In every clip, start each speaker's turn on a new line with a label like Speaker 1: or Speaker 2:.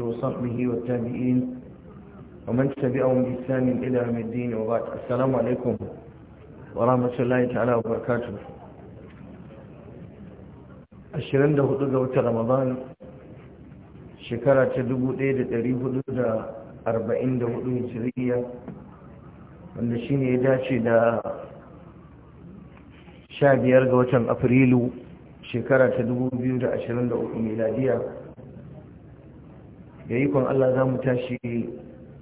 Speaker 1: وصحبه والتابعين ومن تبعهم بإسلام إلى يوم الدين وبعد السلام ashirin da hudu ga watan ramadan shekara ta dubu ɗaya da ɗari hudu da arba'in da hudu hijiriya wanda shi ne ya dace da sha biyar ga watan afrilu shekara ta dubu yi kwan Allah za mu tashi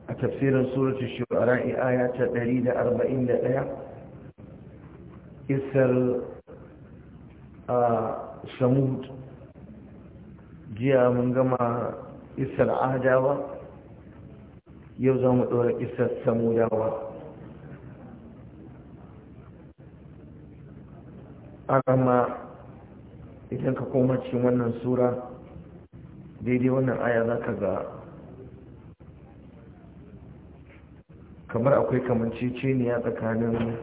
Speaker 1: a tafsirin suratul shu'ara aya ta 141 isar a samud jiya mun gama isar adawa yau za mu ɗora isar samudawa amma idan ka koma cikin wannan sura daidai wannan aya za ka ga kamar akwai kamanceceniya tsakanin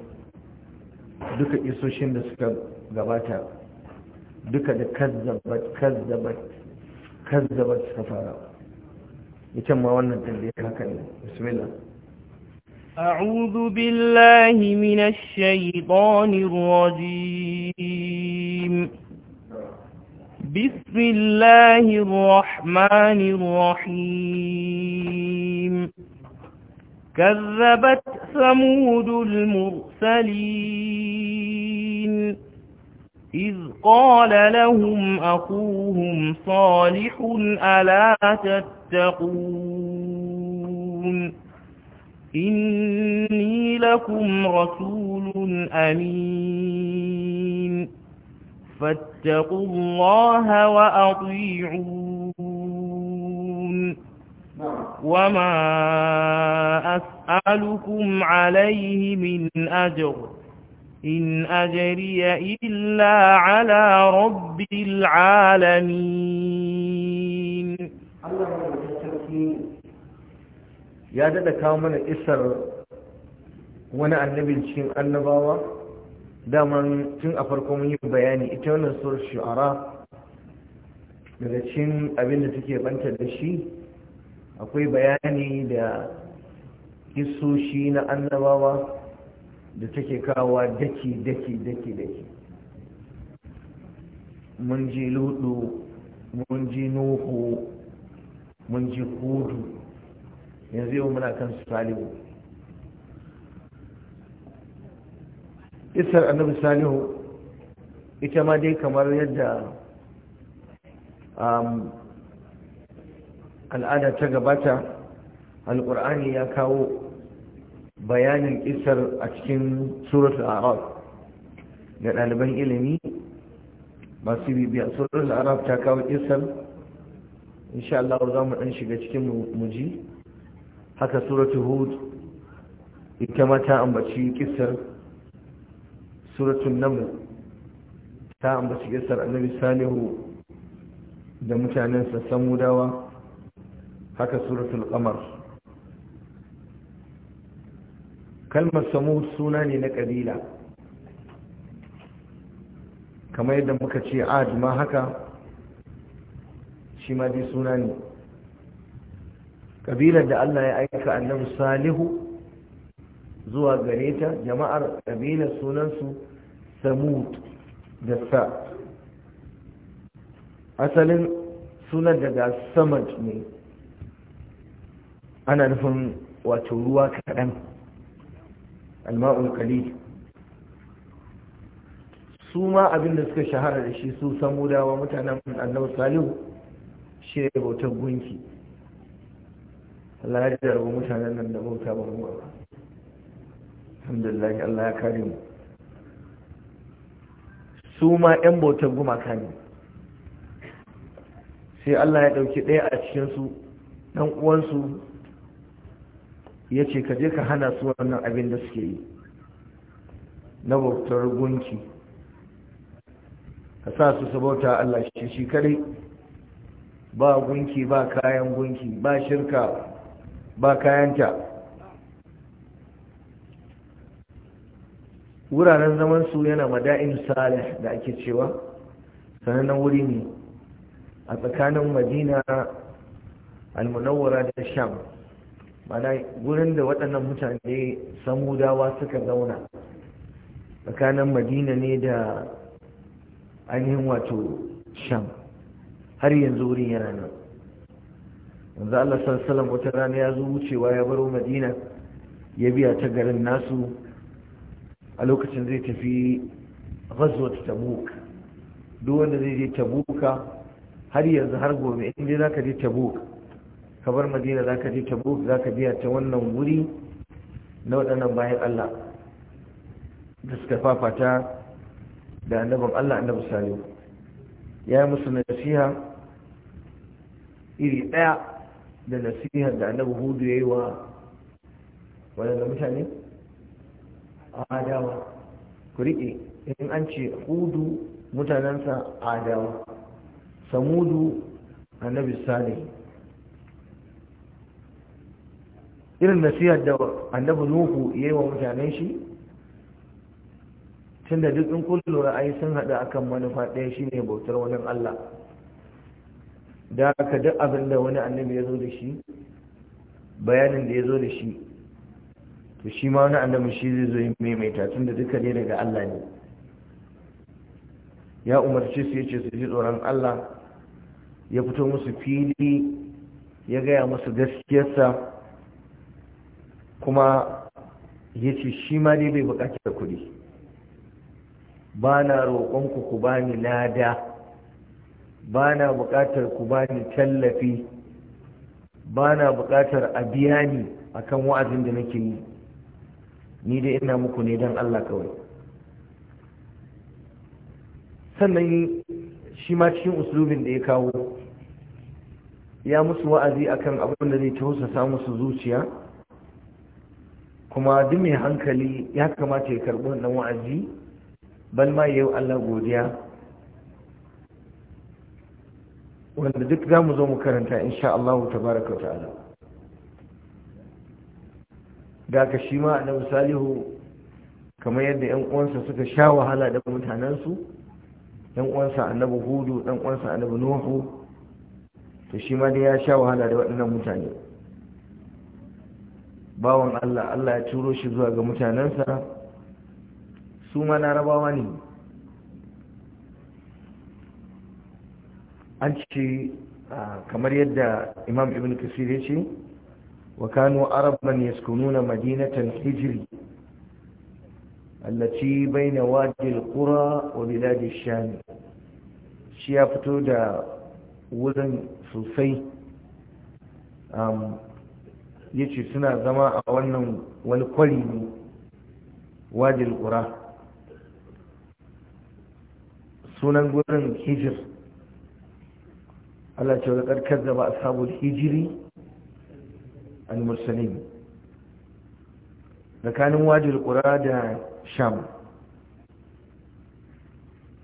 Speaker 1: duka isoshin da suka gabata duka da kazzabat kazzabat kazzabat suka fara ita ma wannan tambaye haka ne bismillah
Speaker 2: أعوذ بالله من الشيطان الرجيم بسم الله الرحمن الرحيم كذبت ثمود المرسلين إذ قال لهم أخوهم صالح ألا تتقون إني لكم رسول أمين فاتقوا الله وأطيعون وما أسألكم عليه من أجر إن أجري إلا على رب العالمين
Speaker 1: يا daɗa من إسر وأنا النبي الشيم النبوة daman tun a farko mun yi bayani ita wannan surar shu'ara daga cikin abin da take bantar da shi akwai bayani da kisoshi na annabawa da take kawa daki daki daki daki mun ji ludu mun ji nuhu mun ji hudu yanzu yau muna kan salihu isar annabi salihu ita ma dai kamar yadda um, al'ada ta gabata alƙur'ani ya kawo bayanin isar a cikin suratul arab ga ɗaliban ilimi masu bibiya suratul arab ta kawo isar insha Allah za mu ɗan shiga cikin muji haka suratul hud ita ma ta ambaci kisar suratun namu ta ambaci gasar annabi salihu da mutanen sassan mudawa haka suratun kamar kalmar samu suna ne na kabila kamar yadda muka ce ad haka shi ma dai suna ne kabilar da allah ya aika annabi salihu zuwa gare ta jama'ar ƙabilar sunansu samud da sa asalin sunan daga samad ne ana nufin wato ruwa kaɗan alma'ul kalil su ma abinda suka shahara da shi su samudawa mutanen annabi salihu shi ne bautar gunki Allah ya jarabu mutanen nan da bauta ba mu ba alhamdulillah Allah ya kare mu su ma 'yan bautar gumaka ne sai Allah ya ɗauki ɗaya a cikinsu ɗan uwansu ya ce ka je ka hana su wannan abin da suke yi na bautar gunki ka sa su su bauta Allah shi shi kare ba gunki ba kayan gunki ba shirka ba kayanta wuraren zaman su yana mada'in salih da ake cewa sanannen wuri ne a tsakanin madina almunawwara da sham mana wurin da waɗannan mutane samudawa suka zauna tsakanin madina ne da ainihin wato sham har yanzu wurin yana nan wanzu allah sallallahu wata rana ya zo wucewa ya baro madina ya biya ta garin nasu a lokacin zai tafi ta tabuka duk wanda zai je tabuka har yanzu har gobe in dai zaka je tabuka ka bar madina zaka je za zaka biya ta wannan wuri na waɗannan bayan Allah da suka fafata da annabin Allah annabi salihu ya yi musu nasiha iri ɗaya da nasiha da annabi hudu ya yi wa waɗanda mutane adawa ku riƙe in an ce hudu mutanensa adawa samudu annabi salih irin nasiyar da annabi nuhu yi wa mutanen shi tunda duk in kullum lura sun haɗu akan manufa ɗaya shine bautar wani Allah da aka duk abin da wani annabi ya zo da shi bayanin da ya zo da shi to shi ma wani annabi shi zai zo maimaita tun da duka ne daga Allah ne ya umarci su yace su ji tsoron Allah ya fito musu fili ya gaya musu gaskiyarsa kuma ya ce shi ma dai bai bukaci da kuɗi ba na roƙonku ku bani lada ba na buƙatar ku bani tallafi ba na buƙatar a biya ni akan wa'azin da nake yi ni dai ina muku ne don Allah kawai sannan shi ma cikin usulubin da ya kawo ya musu wa'azi akan abin da zai tausasa musu zuciya kuma duk mai hankali ya kamata ya karɓi wannan wa'azi bal ma yau Allah godiya wanda duk za mu zo mu karanta insha Allah baraka ta'ala da ka shi ma na misalihu. kamar yadda yan uwansa suka sha wahala da mutanensu yan uwansa annabi hudu dan uwansa annabi nuhu to shi ma dai ya sha wahala da waɗannan mutane bawan Allah Allah ya turo shi zuwa ga mutanensa su ma na rabawa ne an ce ah, kamar yadda imam ibn kasir ya ce وكانوا عربا يسكنون مدينة الحجر التي بين وادي القرى وبلاد الشام شيافتو دا وزن سوسي yace suna zama a wannan wani kwari ne wajil ƙura sunan gurin hijir Allah ce wa ƙarƙar da ba a sabon hijiri al-mursalin tsakanin wajil kura da sham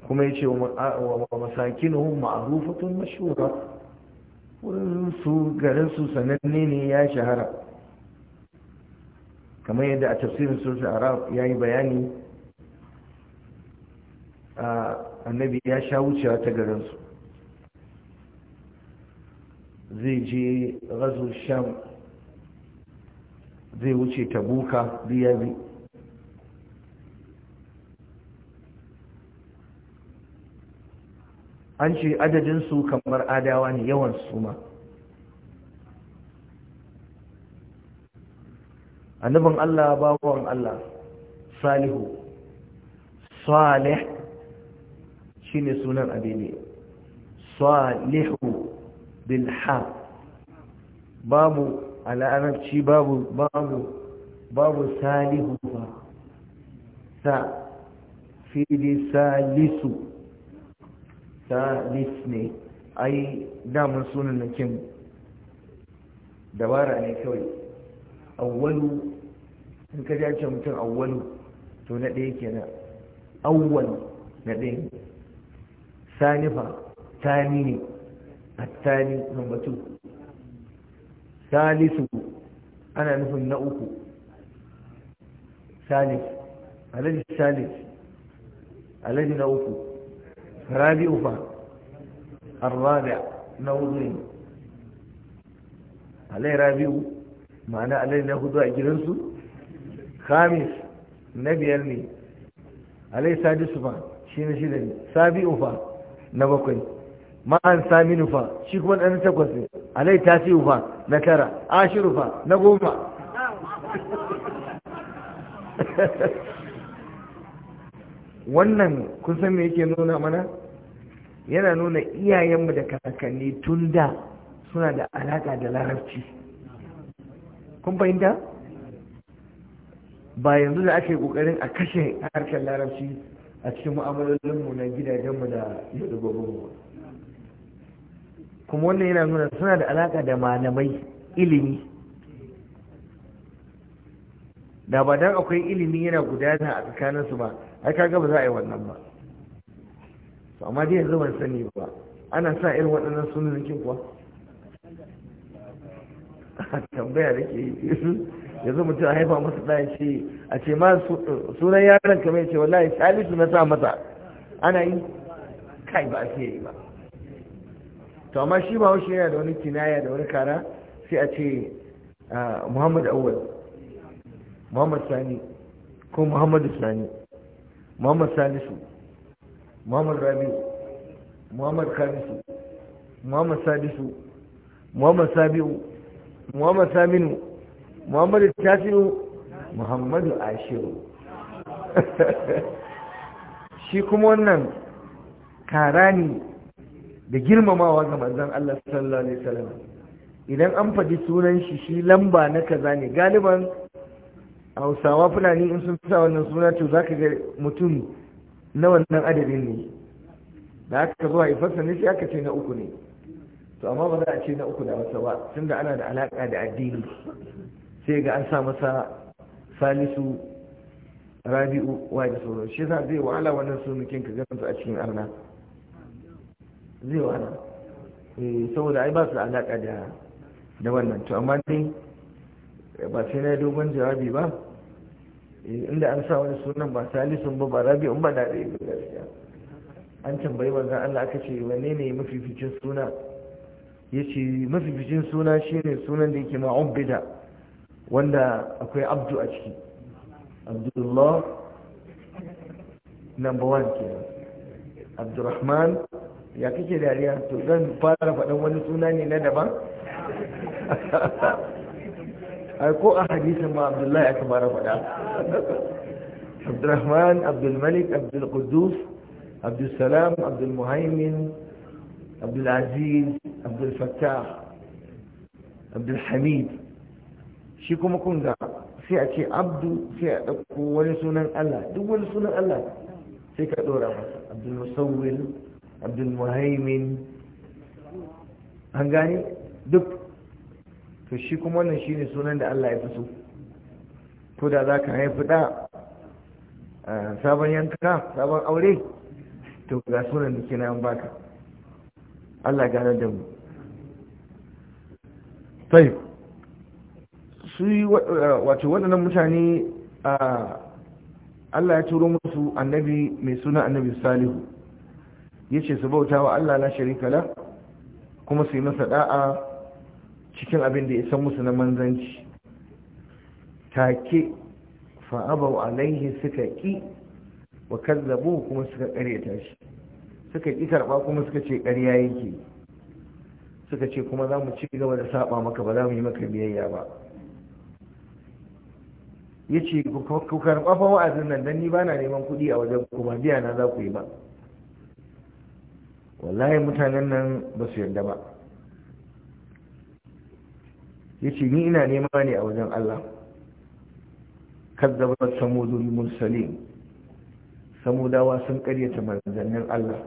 Speaker 1: kuma yace wa masakinuhum ma'rufatun mashhura wurin su garinsu sananne ne ya shahara kamar yadda a tafsirin sulhu arab yayi bayani annabi ya sha wucewa ta garinsu zai je razu sham zai wuce ta buka bi an ce adadinsu kamar adawa ne yawan suma annabin allah babuwan allah salihu salih shine sunan abin salihu bilha babu a larabci babu babu babu salihu ba sa fili salisu salis ne ai damar sunan na kim dabara ne kawai awwalu in ka ji ce mutum awwalu to na ɗaya kenan awwal na ɗaya sanifa tani ne attani number two salisu ana nufin na uku salis alaji salis alaji na uku rabi ufa arrabi na hudu ne alai rabi'u ma'ana alai na hudu a gidansu khamis na biyar ne alai sadisu fa shi na shida ne sabi'u fa na bakwai ma'an saminu fa shi kuma ɗan takwas ne alai tasiru fa na tara ashiru fa na goma wannan kun san me yake nuna mana yana nuna iyayenmu da kakanni tun da suna da alaka da larabci kun fahimta ba yanzu da ake kokarin a kashe harkar larabci a cikin mu'amalolinmu na gidajenmu da yadda gobe kuma wannan yana nuna suna da alaƙa da malamai ilimi da ba dan akwai ilimi yana gudana a tsakaninsu ba ai kaga ba za a yi wannan ba to amma dai yanzu ban sani ba ana sa irin waɗannan kin kuwa tambaya da ke yanzu mutum a haifa masa ɗaya ce a ce ma sunan yaron kamar ya ce wallahi salisu na sa masa ana yi kai ba a ce yi ba to amma shi ba haushe yana da wani kinaya da wani kara sai a ce Muhammadu awal Muhammadu sani ko muhammadu sani Muhammadu salisu Muhammadu rabi Muhammadu kamisu Muhammadu Salisu, Muhammadu sabi'u Muhammadu saminu muhammadu tasiru muhammadu ashiru shi kuma wannan kara ne da girmamawa ga manzon Allah sallallahu alaihi wasallam idan an faɗi sunan shi shi lamba na kaza ne galiban hausawa fulani in sun sa wannan suna to zaka ga mutum na wannan adadin ne da aka zuwa ifarsa ne sai aka ce na uku ne to amma ba za a ce na uku da masa ba tunda ana da alaka da addini sai ga an sa masa salisu rabi'u wa da sauran shi yasa zai wahala wannan sunukin ka gansu a cikin arna zai wahala eh, saboda ai ba su alaƙa da da wannan to amma dai ba sai na dogon jawabi ba eh, inda an sa wani sunan ba salisun ba ba rabi'un ba da dai gaskiya an tambayi wannan Allah aka ce wanne ne mafificin suna ya ce mafificin suna shine sunan da yake ma'ubida wanda akwai abdu a ciki abdullah number one ke abdurrahman ya kake dariya to zan fara faɗin wani suna ne na daban ko a hadisun ma abdullahi aka fara faɗa abdurrahman abdulmalik abdulkudus abdulsalam abdulmuhaimin abdulaziz abdulfattah abdulhamid shi kuma kunga sai a ce abdu sai a ɗauko wani sunan allah duk wani sunan allah sai ka ɗora masa abdulmusawwil abdul muhaimin an gane duk to shi kuma wannan shine sunan da Allah ya fi so to da za ka haifi da sabon yanka sabon aure to ga sunan da ke nan baka Allah gane da mu sai su wato waɗannan mutane Allah ya turo musu annabi mai suna annabi salihu yace su bauta wa Allah na sharika la kuma su yi masa da'a cikin abin da ya san musu na manzanci take fa alaihi suka ki wa kazzabu kuma suka karyata shi suka ki karba kuma suka ce ƙarya yake suka ce kuma za mu ci gaba da saba maka ba za mu yi maka biyayya ba ya ce ku karɓa fa wa'azin nan don ni ba na neman kuɗi a wajen ku ba biya na za ku yi ba wallahi mutanen nan ba su yarda ba ya ce ni ina nema ne a wajen Allah kazzabar samudul mursalin samudawa sun karyata manzannin Allah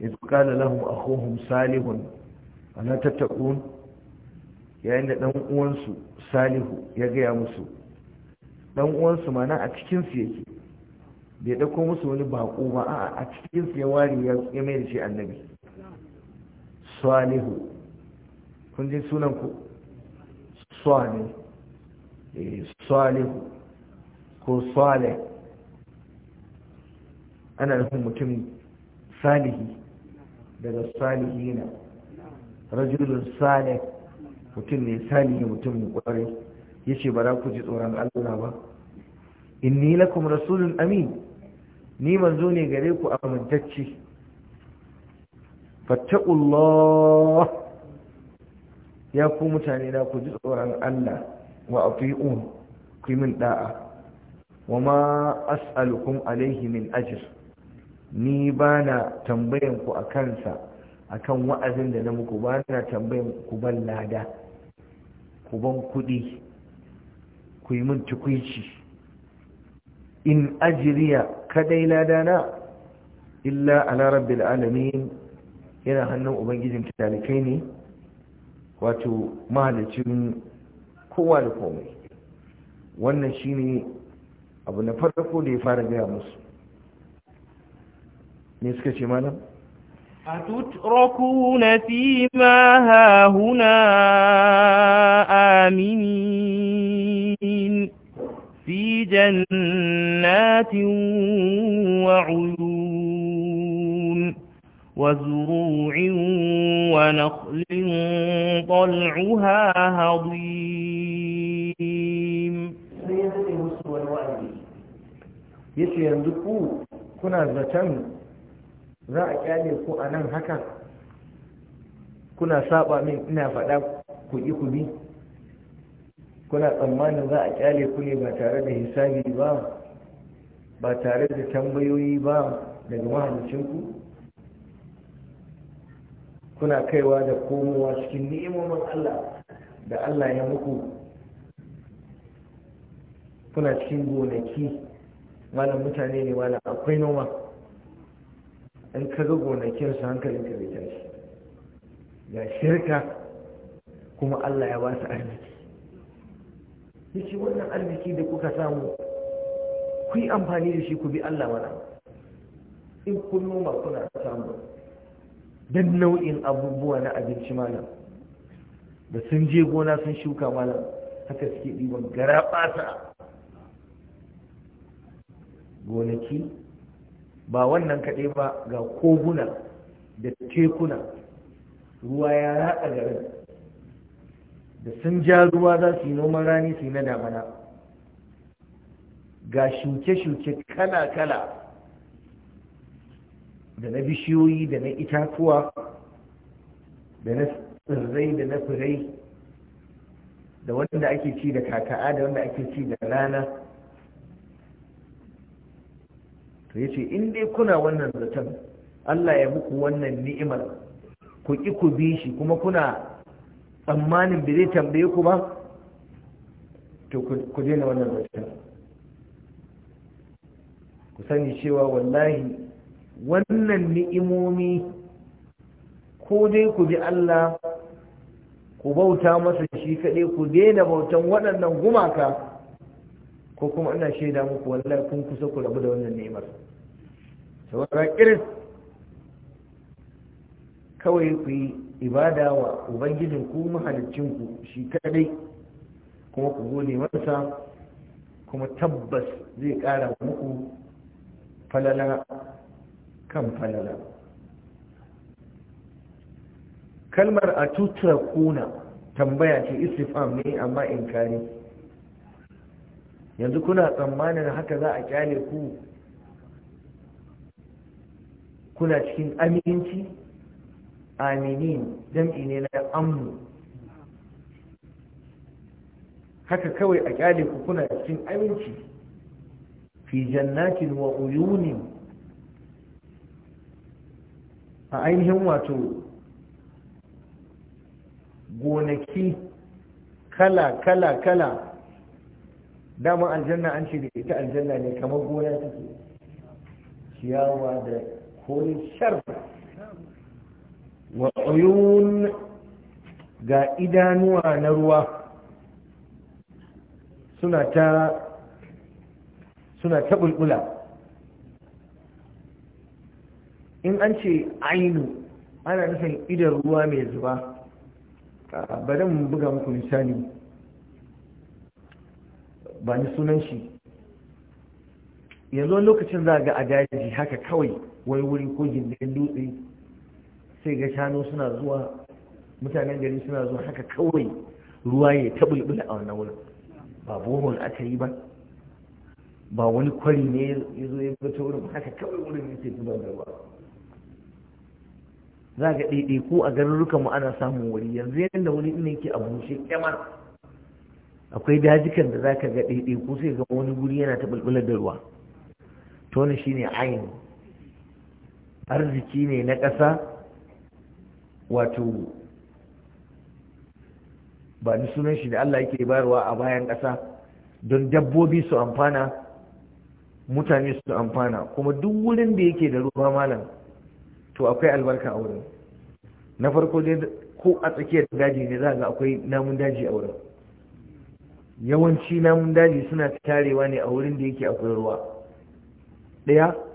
Speaker 1: iz qala lahum akhuhum salihun ana tattaqun yayin da dan uwansu salihu ya gaya musu dan uwansu mana a cikin su yake bai ɗauko musu wani baƙo ba a cikin ya ware ya mai da shi annabi salihu kun ji sunan ku swale eh, salihu ko swale ana nufin mutum salihi daga salihina rajulun sale mutum ne salihi mutum kwarai yace ba za ku ji tsoron Allah ba inni lakum rasulun amin ni manzo ne gare ku amintacce fattaqullah ya ku mutane da ku ji tsoron Allah wa ati'un ku min da'a wa ma as'alukum Alayhi min ajr ni bana tambayan ku akan sa akan wa'azin da na muku bana tambayan ku ban lada ku ban kudi ku yi min tukuici in ajriya kadai ladana illa ala rabbil alamin yana hannun ubangijin talikai ne wato mahalicin kowa da komai wannan shine abu na farko da ya fara gaya musu ne suka ce malam
Speaker 2: أتتركون فيما هاهنا آمنين في جنات وعيون وزروع ونخل طلعها هضيم
Speaker 1: yace yanzu ku kuna zaton za a kyale ku a nan haka kuna saba min ina faɗa ku ƙi ku bi kuna tsammanin za a kyale ku ne ba tare da hisabi ba ba tare da tambayoyi ba daga mahalicinku kuna kaiwa da komowa cikin ni'imomin Allah da Allah ya muku kuna cikin gonaki malam mutane ne wani akwai noma in ka ga gonakin su hankalin ka ta tashi ga shirka kuma Allah ya ba su arziki ya wannan arziki da kuka samu ku yi amfani da shi ku bi Allah mana in kun noma kuna samu don nau'in abubuwa na abinci malam da sun je gona sun shuka malam haka suke ɗiban gara gonaki ba wannan kaɗai ba ga koguna da tekuna ruwa ya raɗa garin da sun ja ruwa za su yi noman rani su yi na damana ga shuke-shuke kala-kala da na bishiyoyi da na itatuwa da na tsirrai da na firai da wanda ake ci da kaka'a da wanda ake ci da rana to ya ce in dai kuna wannan zaton allah ya muku wannan ni'imar ku ki ku bi shi kuma kuna tsammanin bai zai tambaye ku ba to ku daina wannan zancen ku sani cewa wallahi wannan ni'imomi ko dai ku bi Allah ku bauta masa shi kaɗai ku daina bautan waɗannan gumaka ko kuma ana shaida muku wallahi kun kusa ku rabu da wannan ni'imar saboda kawai ku yi ibada wa ubangijin ku mahalicin ku shi kadai kuma ku gode masa kuma tabbas zai kara muku falala kan falala kalmar a tutura kuna tambaya ce istifam ne amma inkari yanzu kuna tsammanin haka za a kyale ku kuna cikin aminci aminin jam'i ne na amnu haka kawai a kyale ku kuna cikin aminci fi jannatin wa uyunin a ainihin wato gonaki kala kala kala dama aljanna an ce da ita aljanna ne kamar gona take ciyawa da kore shar wa uyun ga idanuwa na ruwa suna ta suna ta bulbula in an ce ainu ana nufin idan ruwa mai zuba bari mu buga muku misali ba ni sunan shi yanzu lokacin za ga a daji haka kawai wai wuri ko gindin dutse sai ga shanu suna zuwa mutanen gari suna zuwa haka kawai ruwa ya taɓulɓula a wannan wurin ba bohol aka yi ba ba wani kwari ne ya zo ya fito wurin haka kawai wurin ya ce zubar da ruwa za ga ɗaiɗaiku a garurukanmu ana samun wuri yanzu yadda wani ina yake a bushe kyamar akwai dajikan da za ka ga ɗaiɗaiku sai ga wani guri yana taɓulɓular da ruwa to wannan shine ayin arziki ne na ƙasa wato ba ni sunan shi da Allah yake bayarwa a bayan ƙasa don dabbobi su amfana mutane su amfana kuma duk wurin da yake da ruwa malam to akwai albarka a wurin na farko dai ko a tsakiyar daji ne za ga akwai namun daji a wurin yawanci namun daji suna tarewa ne a wurin da yake akwai ruwa ɗaya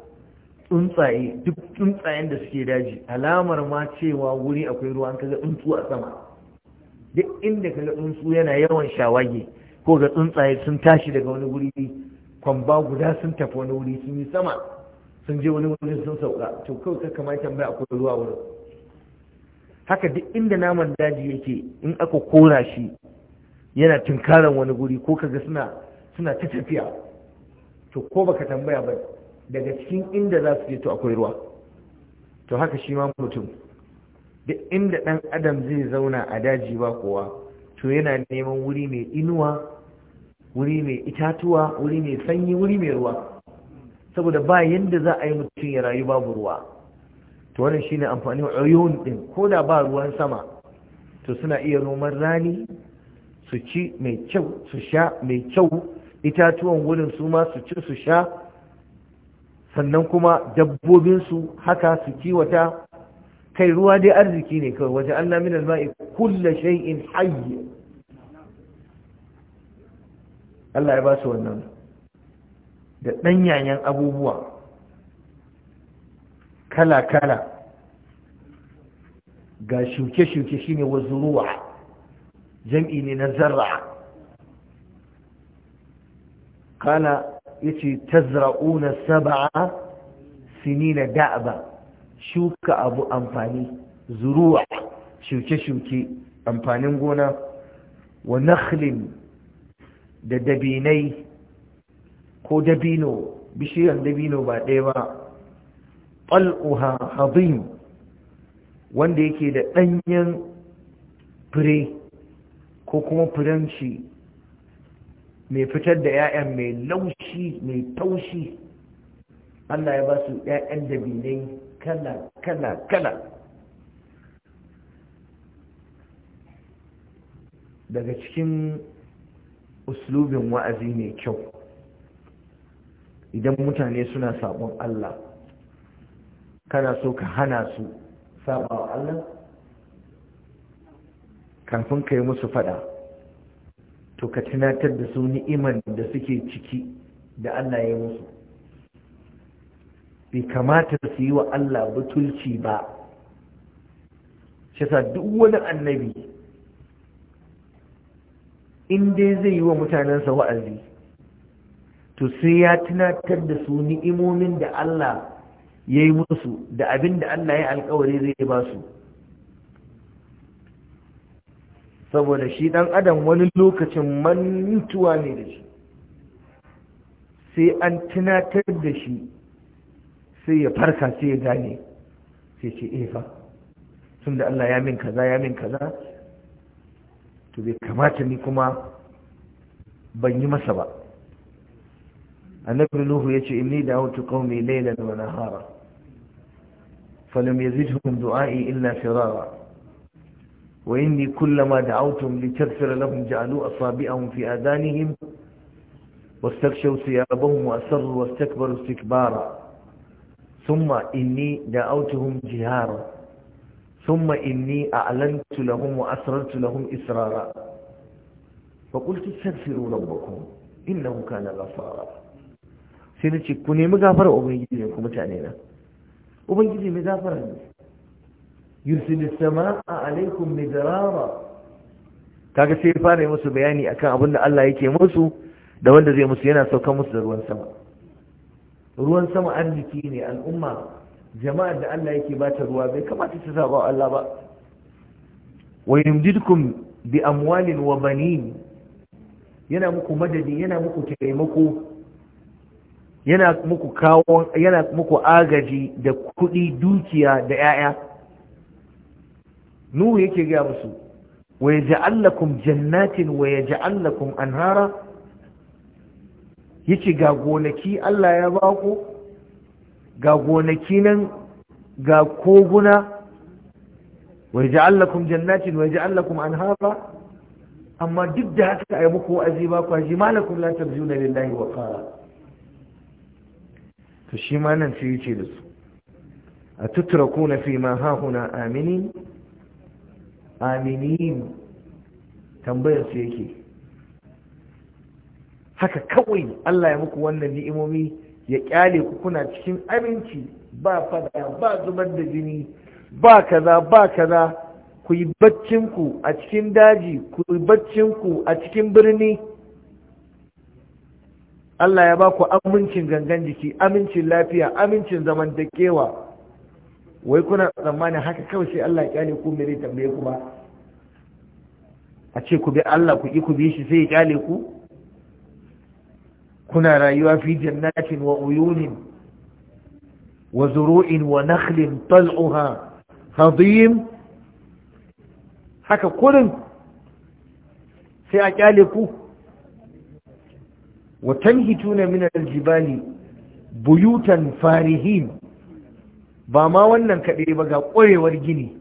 Speaker 1: tsuntsaye duk tsuntsayen da suke daji alamar ma cewa wuri akwai ruwa an kaga tsuntsu a sama duk inda kaga tsuntsu yana yawan shawage ko ga tsuntsaye sun tashi daga wani wuri kwamba guda sun tafi wani wuri sun yi sama sun je wani wuri sun sauka to kawai ka kamata tambaya akwai ruwa wurin haka duk inda naman daji yake in aka kora shi yana tunkaran wani guri ko kaga suna suna ta tafiya to ko baka tambaya ba daga cikin inda za su je to akwai ruwa to haka shi ma mutum duk inda ɗan adam zai zauna a daji ba kowa to yana neman wuri mai inuwa wuri mai itatuwa wuri mai sanyi wuri mai ruwa saboda ba yadda za a yi mutum ya rayu babu ruwa to wannan shine amfani uyun ɗin, ko da ba ruwan sama to suna iya noman rani su ci mai kyau su sha mai kyau itatuwan wurin su ma su ci su sha sannan kuma dabbobinsu haka su kiwata kai ruwa dai arziki ne kawai waje Allah min alma'i kulla shay'in hayy Allah ya ba su wannan da danyayen abubuwa kala kala ga shuke shuke shine wazuruwa jam'i ne na zarra kana yace tazra'una sab'a sinina da'ba shuka abu amfani zuruwa shuke-shuke amfanin gona wa nakhlin da dabinai ko dabino bishiyar dabino ba ɗaya ba ƙal'uha hazim wanda yake da ɗanyen fure ko kuma furen shi mai fitar da 'ya'yan mai laushi mai taushi Allah ya ba su 'ya'yan dabinai kala kala kala daga cikin uslubin wa'azi mai kyau idan mutane suna sabon Allah kana so ka hana su sabawa Allah kafin ka yi musu fada to ka tunatar da su ni'iman da suke ciki da Allah ya musu bai kamata su yi wa Allah butulci ba shi sa duk wani annabi in dai zai yi wa mutanensa wa'azi to sai ya tunatar da su ni'imomin da Allah ya yi musu da abin da Allah ya alkawari zai ba su saboda shi ɗan adam wani lokacin mantuwa ne da shi sai an tunatar da shi sai ya farka sai ya gane sai ce efa eh tun da Allah ya min kaza ya min kaza to bai kamata ni kuma ban yi masa ba annabi nuhu ce inni da'awtu kaumi laylan wa nahara falam yazidhum du'a'i illa firara وإني كلما دعوتهم لتغفر لهم جعلوا أصابعهم في آذانهم واستغشوا ثيابهم وأسروا واستكبروا استكبارا ثم إني دعوتهم جهارا ثم إني أعلنت لهم وأسررت لهم إسرارا فقلت استغفروا ربكم إنه كان غفارا سنتي كوني مغفر أبنجي لكم تعنينا أبنجي مغفر أبنجي yursilis sama'a alaikum midrara kaga sai fara musu bayani akan abin da Allah yake musu da wanda zai musu yana sauka musu da ruwan sama ruwan sama arziki ne al'umma jama'ar da Allah yake bata ruwa bai kamata su saba Allah ba wa yumdidkum bi amwalin wa banin yana muku madadi yana muku taimako yana muku kawo yana muku agaji da kuɗi dukiya da 'ya'ya nuhu yake gaya musu wa yaj'al lakum jannatin wa yaj'al lakum anhara yace ga gonaki Allah ya ba ku ga gonaki nan ga koguna wa yaj'al lakum jannatin wa yaj'al lakum anhara amma duk da haka ai muku wa'azi ba ku ji malakum la tarjuna lillahi wa qara to shi ma nan sai yace da su a tutrakuna fi ma hahuna aminin aminin tambayar su yake haka kawai Allah ya muku wannan ni'imomi ya kyale ku kuna cikin aminci ba fada ba zubar da jini ba kaza ba kaza ku yi baccinku a cikin daji ku yi baccinku a cikin birni Allah ya ba ku amincin gangan jiki amincin lafiya amincin zamantakewa wai kuna tsammanin haka kawai sai Allah ya ku me zai tambaye ku ba a ce ku bi Allah ku ki ku bi shi sai ya kyale ku kuna rayuwa fi jannatin wa uyunin wa zuru'in wa nakhlin tal'uha hadim haka kurin sai a kyale ku wa tanhituna min aljibali buyutan farihin ba ma wannan kaɗai ba ga ƙwarewar gini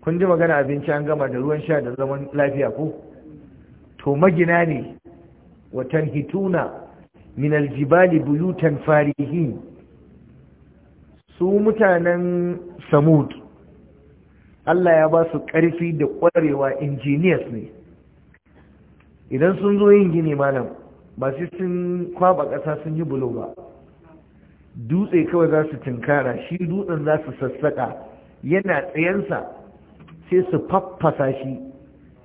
Speaker 1: kun ji magana abinci an gama da ruwan sha da zaman lafiya ko to magina ne watan hituna min aljibali buyutan farihin su mutanen samud Allah ya ba su ƙarfi da ƙwarewa injiniyas ne idan sun zo yin gini malam ba su sun kwaba ƙasa sun yi bulo ba dutse kawai za su tinkara shi dutsen za su sassaƙa yana tsayansa, sai su faffasa shi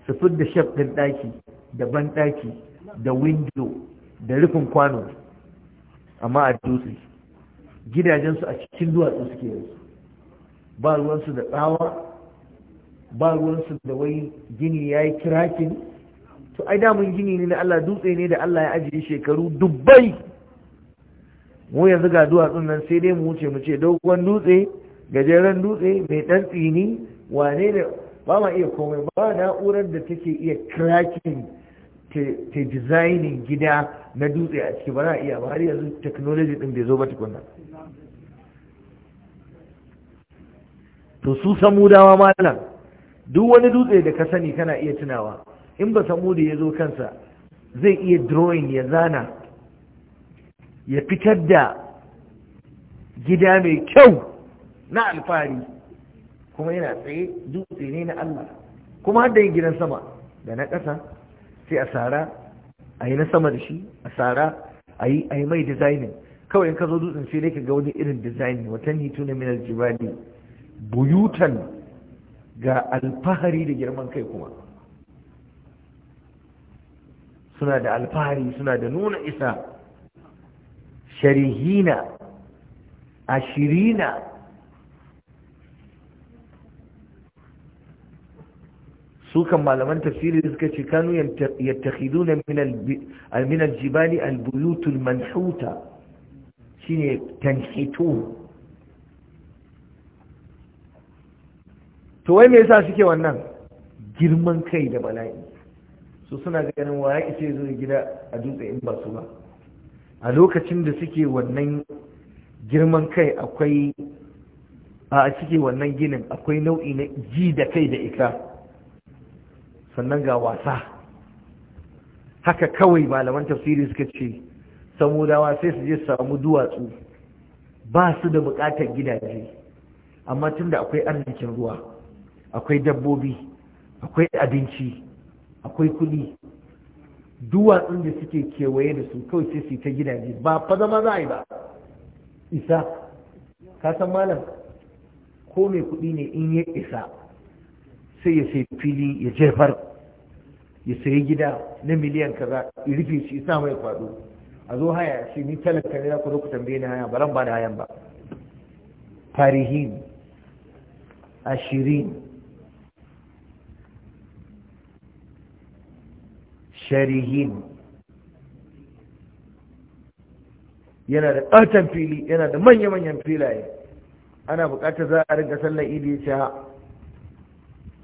Speaker 1: su fidda shaf ɗin ɗaki da ban ɗaki da windo da rufin kwano amma a dutse gidajensu a cikin duwatsu suke yanzu ba ruwansu da tsawa ba ruwansu da wai gini ya yi kirakin to ai damun gini ne na Allah dutse ne da Allah ya ajiye shekaru dubbai mu yanzu ga duwatsun nan sai dai mu wuce mu ce dogon dutse gajeren dutse mai ɗan tsini wane da ba ma iya komai ba na'urar da take iya cracking ta designing gida na dutse a ciki ba na iya ba har yanzu technology din bai zo ba tukunna to su samudawa malam duk wani dutse da ka sani kana iya tunawa in ba samu da ya zo kansa zai iya drawing ya zana ya fitar da gida mai kyau na alfari kuma yana tsaye dutse ne na Allah kuma har yin gidan sama da na ƙasa sai a tsara a yi na sama da shi a tsara a yi mai dizainin kawai in ka zo dutsen sai ne ka ga wani irin dizainin watan hito na minar jibali buyutan ga alfahari da girman kai kuma suna da alfahari suna da nuna isa sharihina ashirina su kan malaman tafsiri suka ce kanu yattakhiduna min al-jibali al-buyut al-manhuta shine tanhitu to wai me yasa suke wannan girman kai da bala'i su suna ganin wa ya ce zo gida a dutse in ba su ba a lokacin da suke wannan girman kai akwai a cike wannan ginin akwai nau'i na ji da kai da ita sannan ga wasa haka kawai malaman tafsiri suka ce samudawa sai su je su samu duwatsu ba su da bukatar gidaje amma tun da akwai arzikin ruwa akwai dabbobi akwai abinci akwai kudi duwatsun da suke kewaye da su kawai sai su ta gidaje ba fa zama za a yi ba isa ka san malam ko mai kuɗi ne in ya isa sai ya sai fili ya jefar ya sayi gida na miliyan kaza ya rufe shi isa mai kwado a zo haya shi ni talaka ne ku zo ku tambaye ni haya baran ba da hayan ba farihin ashirin sharihin yana da ƙaton fili yana da manya-manyan filaye ana buƙatar za a rinka sallar idi ya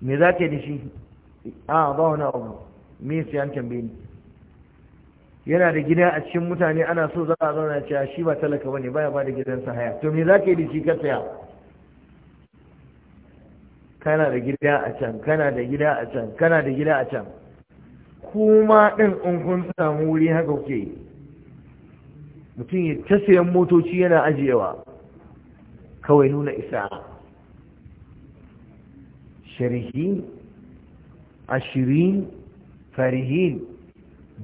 Speaker 1: me za ka da shi a ba wani abu me su yan tambaye ni yana da gida a cikin mutane ana so za a zauna cewa shi ba talaka ne baya ba da gidansa haya to me za ka yi da shi ka saya kana da gida a can kana da gida a can kana da gida a can kuma ɗin in kun samu wuri haka kuke mutum ya ta sayan motoci yana ajiyewa kawai nuna isa sharihi ashirin farihin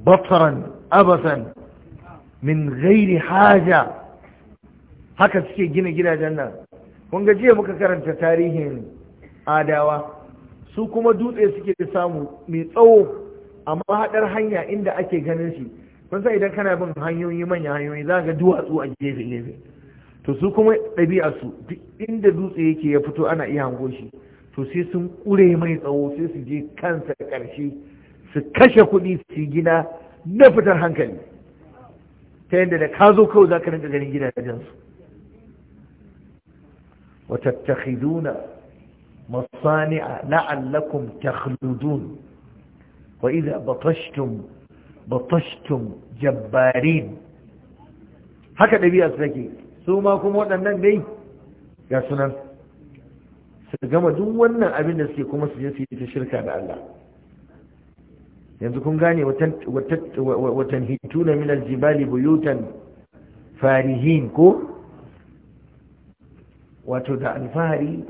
Speaker 1: bataran abasan min gairi haja haka suke gina gidajen nan kun ga jiya muka karanta tarihin adawa su kuma dutse suke samu mai tsawo amma haɗar hanya inda ake ganin shi kun sai idan kana bin hanyoyi manyan hanyoyi za ga duwatsu a gefe gefe to su kuma ɗabi'a duk inda dutse yake ya fito ana iya hango shi to sai sun ƙure mai tsawo sai su je kansa ƙarshe su kashe kuɗi su gina na fitar hankali ta yadda da ka zo kawai za ka rinka ganin wa tattakhiduna masani'a la'allakum takhludun وإذا بطشتم بطشتم جبارين haka ɗabi'a take su ma kuma waɗannan dai ga sunan su gama duk wannan abin da suke kuma su je su shirka da Allah yanzu kun gane watan hituna min Jibali buyutan farihin ko wato da alfahari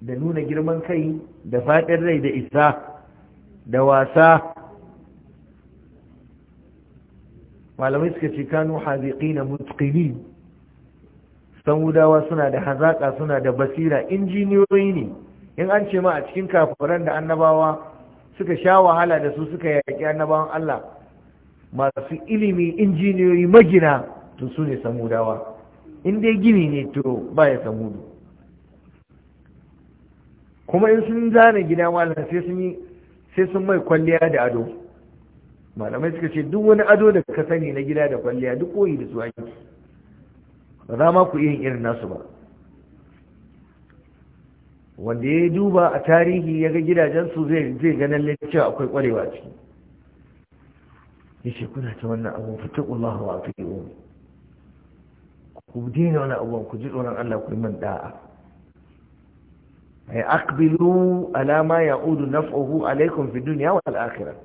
Speaker 1: da nuna girman kai da faɗin rai da isa da wasa malamai suka ce kanu haziƙina san samudawa suna da hazaƙa suna da basira injiniyoyi ne in an ce ma a cikin kafuran da annabawa suka sha wahala da su suka yaƙi annabawan Allah masu ilimi injiniyoyi magina to su ne samudawa in dai gini ne to ba ya samudu kuma in sun zane gida wala sai sun yi sai sun mai kwalliya da ado malamai suka ce duk wani ado da ka sani na gida da kwalliya duk koyi da su ake ba za ma ku yin irin nasu ba wanda ya duba a tarihi ya ga gidajensu zai ganin lalcewa akwai kwarewa ciki ya ce kuna ta wannan abu fitakullahu a yi. ku dina wani abu ku ji tsoron allah ku yi man da'a ay eh, aqbilu ala ma ya'udu naf'uhu alaykum fi dunya wal akhirah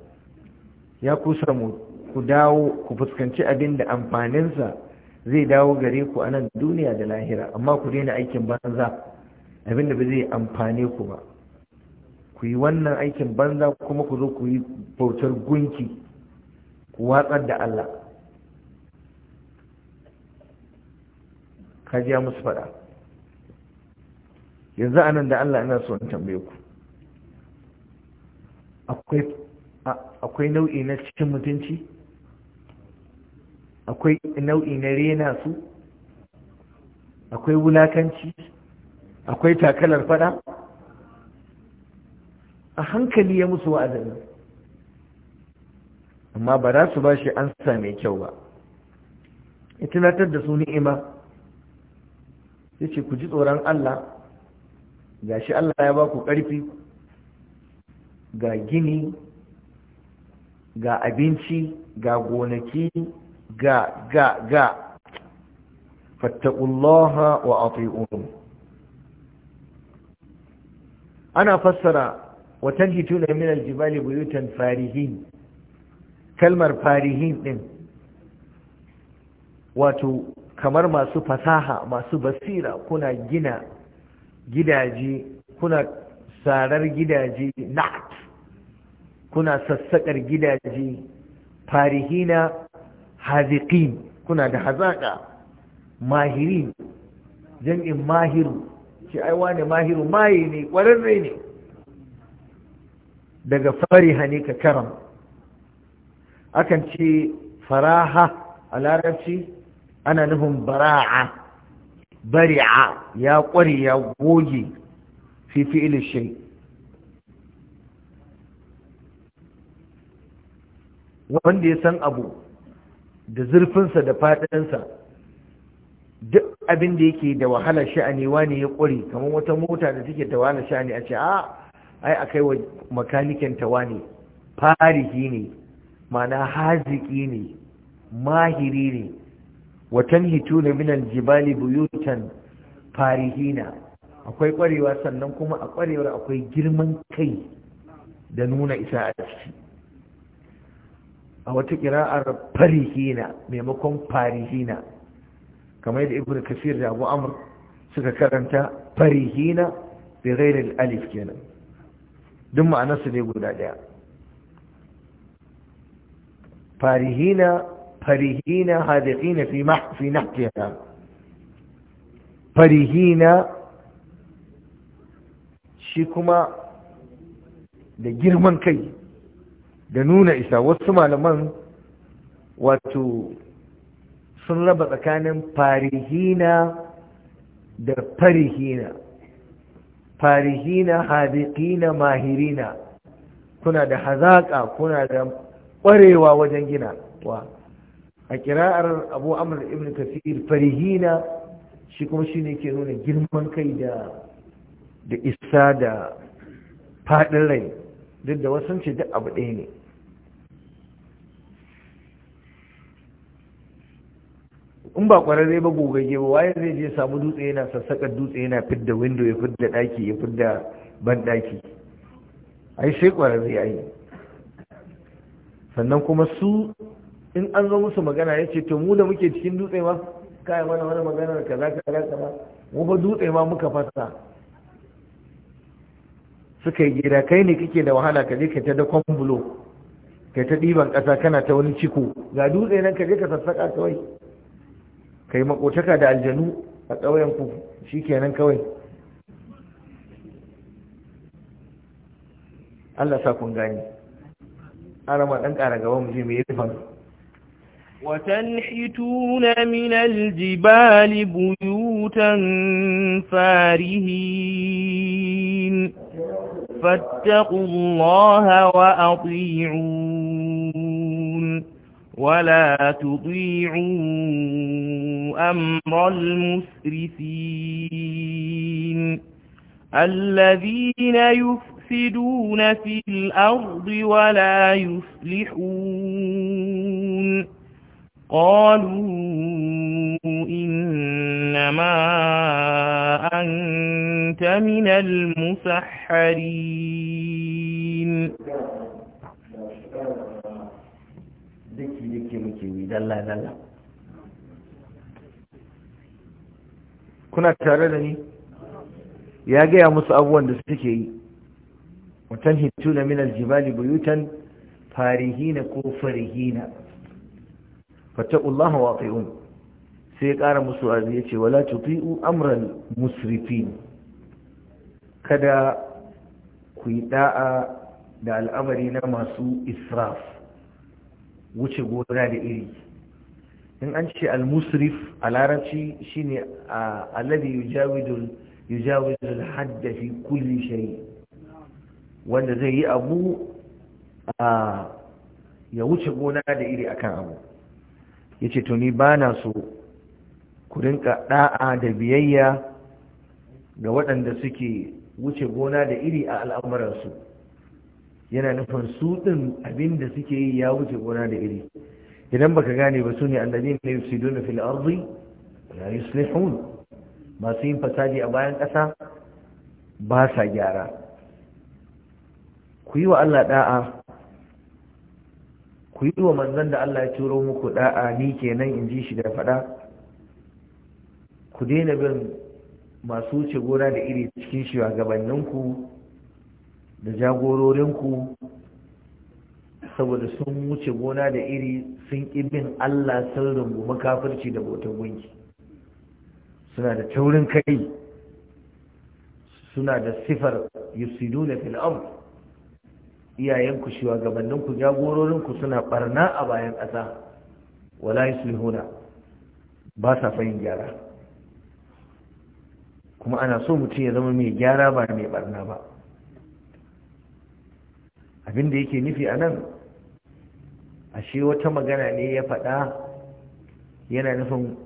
Speaker 1: ya kusamu ku dawo ku fuskanci abin da sa zai dawo gare ku a nan duniya da lahira amma ku daina aikin banza abin da ba zai amfane ku ba ku yi wannan aikin banza kuma ku zo ku yi bautar gunki ku watsar da Allah Ka kajiya musu faɗa yanzu nan da Allah ina so in tambaye ku akwai akwai nau'i na cikin mutunci akwai nau'i na rena su akwai wulakanci akwai takalar fada a hankali ya musu wa'azin amma ba za su ba shi an mai kyau ba ya tunatar da su ni'ima ya ce ku ji tsoron Allah Ga shi Allah ya ba ku ƙarfi ga gini ga abinci ga gonaki ga ga ga fattakullaha wa ati'un ana fassara wa tuna min aljibali buyutan farihin kalmar farihin din wato kamar masu fasaha masu basira kuna gina gidaje kuna sarar gidaje na'at kuna sassakar gidaje farihina haziqin kuna da hazaka mahirin jam'in mahiru ce ai wane mahiru maye ne kwararre ne daga fariha ne ka karam akan ce faraha a larabci ana nufin bara'a bari'a ya ƙware ya goge fi fi'il wanda ya san abu da zurfinsa da faɗinsa duk abin da yake da wahala sha'ani wani ya ƙware kamar wata mota da take da wahala sha'ani a ce ah, a ai kai wa makanikin ta wani farihi ne ma'ana haziki ne mahiri ne watanhituna tanhituna min aljibali buyutan farihina akwai kwarewa sannan kuma a kwarewar akwai girman kai da nuna isa a ciki a wata kira'ar farihina maimakon farihina kamar da ibnu kasir da abu amr suka karanta farihina bi ghairil alif kenan duk ma'anarsa ne guda daya farihina فرهين هادئين في مح في نحتها shi kuma da girman kai da nuna isa wasu malaman wato sun raba tsakanin farihina da farihina farihina hadiqina mahirina kuna da hazaƙa kuna da ƙwarewa wajen gina wa a kira'ar abu amr ibn kafir farihina shi kuma shi ne ke nuna girman kai da da isa da faɗin rai duk da wasu ce duk abu ɗaya ne in ba ƙwararre ba gogage ba waye zai je samu dutse yana sassakar dutse yana fidda windo ya fidda ɗaki, ya fidda ɗaki ai sai ƙwararre ai sannan kuma su in an zo musu magana ya ce to mu da muke cikin dutse ma kai mana wani za kaza kaza kaza mu ba dutse ma muka fasa suka yi gida kai ne kake da wahala ka je ka ta da kwambulo kai ta ɗiban ƙasa kana ta wani ciko ga dutse nan ka je ka sassaƙa kawai ka yi makotaka da aljanu a ƙauyen ku shi kenan kawai Allah sa kun gani arama ɗan ƙara gaba mu je mai yi
Speaker 2: وتنحتون من الجبال بيوتا فارهين فاتقوا الله وأطيعون ولا تطيعوا أمر المسرفين الذين يفسدون في الأرض ولا يصلحون قالوا إنما أنت من المسحرين
Speaker 1: kuna tare da ni ya gaya musu abubuwan da suke yi watan hituna min aljibali buyutan farihina ko farihina fattaqullaha wa sai ya ƙara musu azi yace wala tuti'u amran musrifin kada ku yi da'a da al'amari na masu israf wuce gona da iri in an ce al-musrif a larabci shine alladhi yujawidu yujawidu al-hadda fi kulli wanda zai yi abu ya wuce gona da iri akan abu ya ce to ni ba na so ku rinka ɗa'a da biyayya ga waɗanda suke wuce gona da iri a al'amuransu yana nufin su ɗin abin da suke yi ya wuce gona da iri idan baka gane ba su ne annabi ne su dole fil arzi ne yuslihun masu yin fasadi a bayan ƙasa ba sa gyara ku yi wa Allah ɗa'a. ku yi wa manzan da Allah ya turo muku da'a ni kenan in ji shi da faɗa ku daina bin masu wuce gona da iri cikin ku da jagororinku saboda sun wuce gona da iri sun ƙi bin Allah sun rungu makafirci da botan gunki suna da taurin kai suna da sifar yusiduna fil ardh iyayenku shugabanninku jagororinku suna barna a bayan ƙasa wala yuslihuna ba sa fayin gyara kuma ana so mutum ya zama mai gyara ba mai barna ba abinda yake nufi a nan ashe wata magana ne ya faɗa yana nufin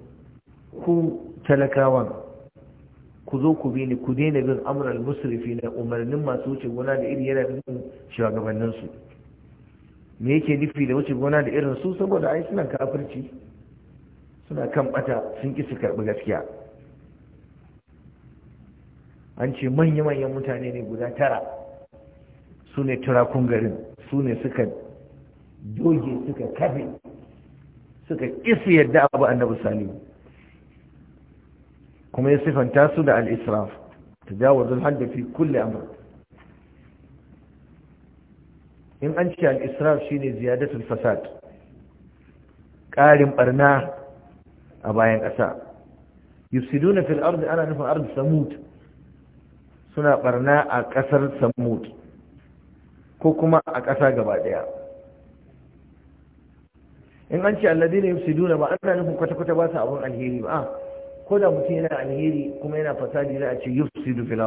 Speaker 1: ku talakawan ku zo ku bi ni ku daina bin amral musrifi na umarnin masu wuce gona da iri yana bin shugabannin su me yake nufi da wuce gona da irin su saboda ai suna kafirci suna kan bata sun ki su karbi gaskiya an ce manya-manyan mutane ne guda tara su ne turakun garin su ne suka doge suka kafe suka ƙi yadda abu annabi salihu kuma ya sifanta su da al-israf tajawuzul hadd fi kulli amr in an ce al shi ne ziyadatul fasad ƙarin barna a bayan ƙasa yufsiduna fil ardi ana nufin ardi samud suna ɓarna a ƙasar samud ko kuma a ƙasa gaba ɗaya in an ce alladina yufsiduna ba ana nufin kwata-kwata ba su abin alheri ba ah, koda mutum yana alheri kuma yana fasadi za a ce yufsidu fil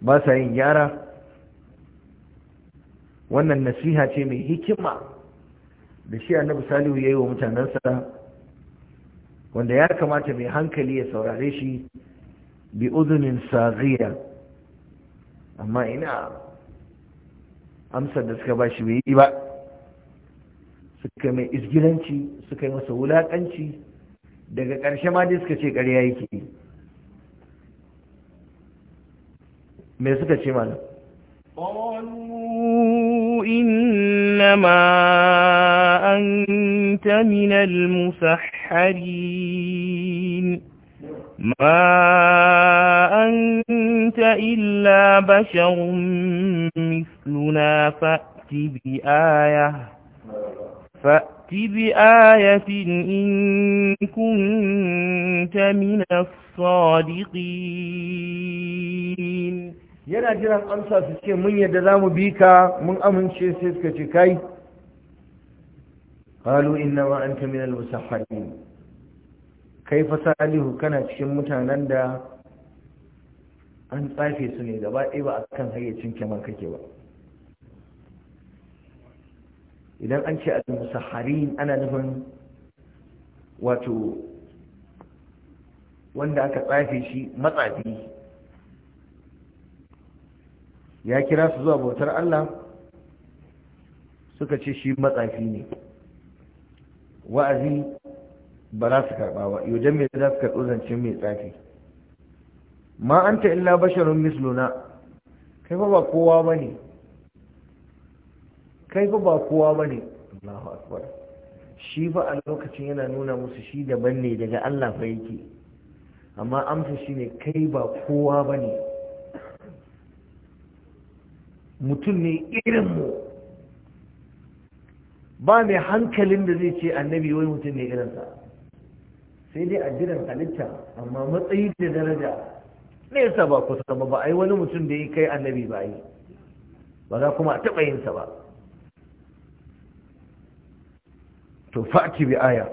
Speaker 1: ba sa yin gyara wannan nasiha ce mai hikima da shi annabi salihu yayi wa mutanansa wanda ya kamata mai hankali ya saurare shi bi uzunin saziya amma ina amsar da suka ba shi bai yi ba suka mai isgilanci suka yi masa wulakanci daga ƙarshe ma dai suka ce ƙarya yake me suka ce malam
Speaker 2: إنما أنت من المسحرين ما أنت إلا بشر مثلنا فأت بآية إن كنت من الصادقين
Speaker 1: yana jiran amsa su ce mun yadda za mu bi ka mun amince sai suka ce kai qalu inna ma anta min al hannu. kai fa kana cikin mutanen da an tsafe su ne gaba ɗaya ba akan hayyacin kaman kake ba idan an ce al musaharin ana nufin wato wanda aka tsafe shi matsafi ya kira su zuwa bautar Allah suka ce shi matsafi ne wa'azi ba za su karɓa ba yau mai za su karɓi zancen mai tsafi ma an illa basharun misluna kai ba kowa ba ne kai fa ba kowa ba ne allahu akbar shi fa a lokacin yana nuna musu shi daban ne daga allah fa yake amma amsa shi ne kai ba kowa ba ne mutum ne irinmu ba mai hankalin da zai ce annabi wai mutum ne irinsa sai dai a jiran halitta amma matsayi da daraja nesa ba kusa ba ba a yi wani mutum da ya kai annabi ba yi ba za kuma a taɓa yinsa ba to fa'ti bi aya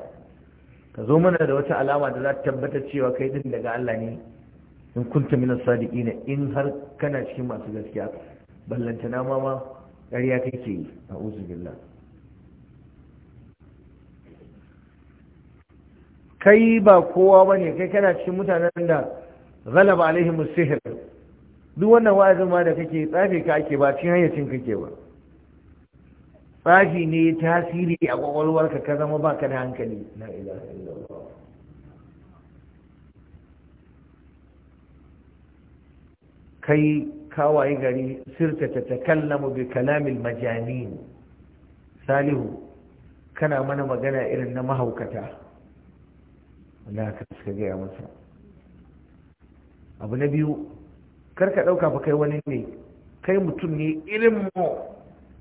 Speaker 1: ka zo mana da wata alama da za ta tabbata cewa kai din daga Allah ne in kunta min sadiqina in har kana cikin masu gaskiya ballantana ma ma ƙarya kake yi a'udhu billah kai ba kowa bane kai kana cikin mutanen da ghalaba alaihim sihr duk wannan wa'azin ma da kake tsafe ka ake ba cikin hayyacin kake ba tsafi ne tasiri a kwakwalwarka ka zama ba ka da hankali na ilaha illallah kai kawaye gari sirta ta takallamu bi kalamil majanin salihu kana mana magana irin na mahaukata wanda ka suka gaya masa abu na biyu ka ɗauka fa kai wani ne kai mutum ne irin mu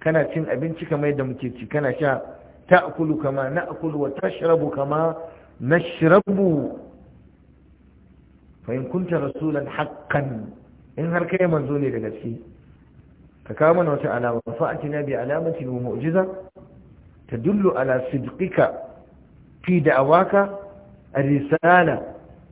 Speaker 1: kana cin abinci kamar yadda muke ci kana sha Ta Akulu kama na Akulu wa tashrabu kama na fa in kunta rasulan haƙƙan. in har kai manzo ne da gaske ka kawo mana wata alama fa'atina bi alamatin wa mu'jiza tadullu ala sidqika fi da'awaka ar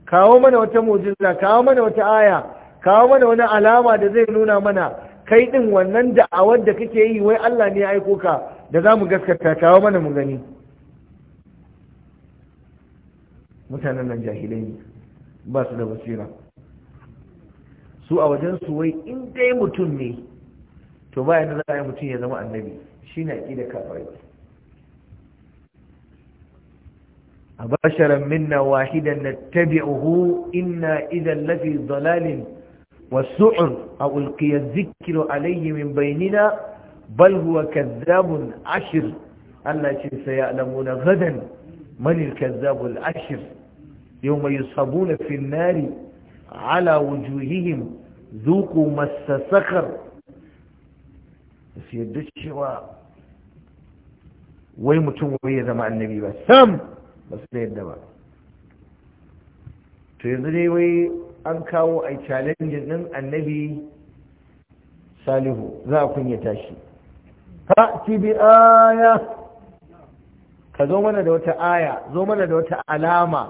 Speaker 1: kawo mana wata mu'jiza kawo mana wata aya kawo mana wani alama da zai nuna mana kai ɗin wannan da da'awar da kake yi wai Allah ne ya aiko ka da za mu gaskata kawo mana mu gani mutanen nan jahilai ne ba su da basira su a wajen su wai in dai mutum ne to bayan da za a yi mutum ya zama annabi shi na ƙi da kafirai a basharar minna wahidan na tabi'uhu inna idan lafi zalalin. والسعر أو القي الذكر عليه من بيننا بل هو كذاب عشر التي سيعلمون غدا من الكذاب العشر يوم يصحبون في النار على وجوههم ذوقوا مس سخر بس يدش وي متوم وي زمان النبي بس سام بس to yanzu dai wai an kawo a challenging din annabi salihu za a kunyata shi ha ti bi aya ka zo mana da wata aya zo mana da wata alama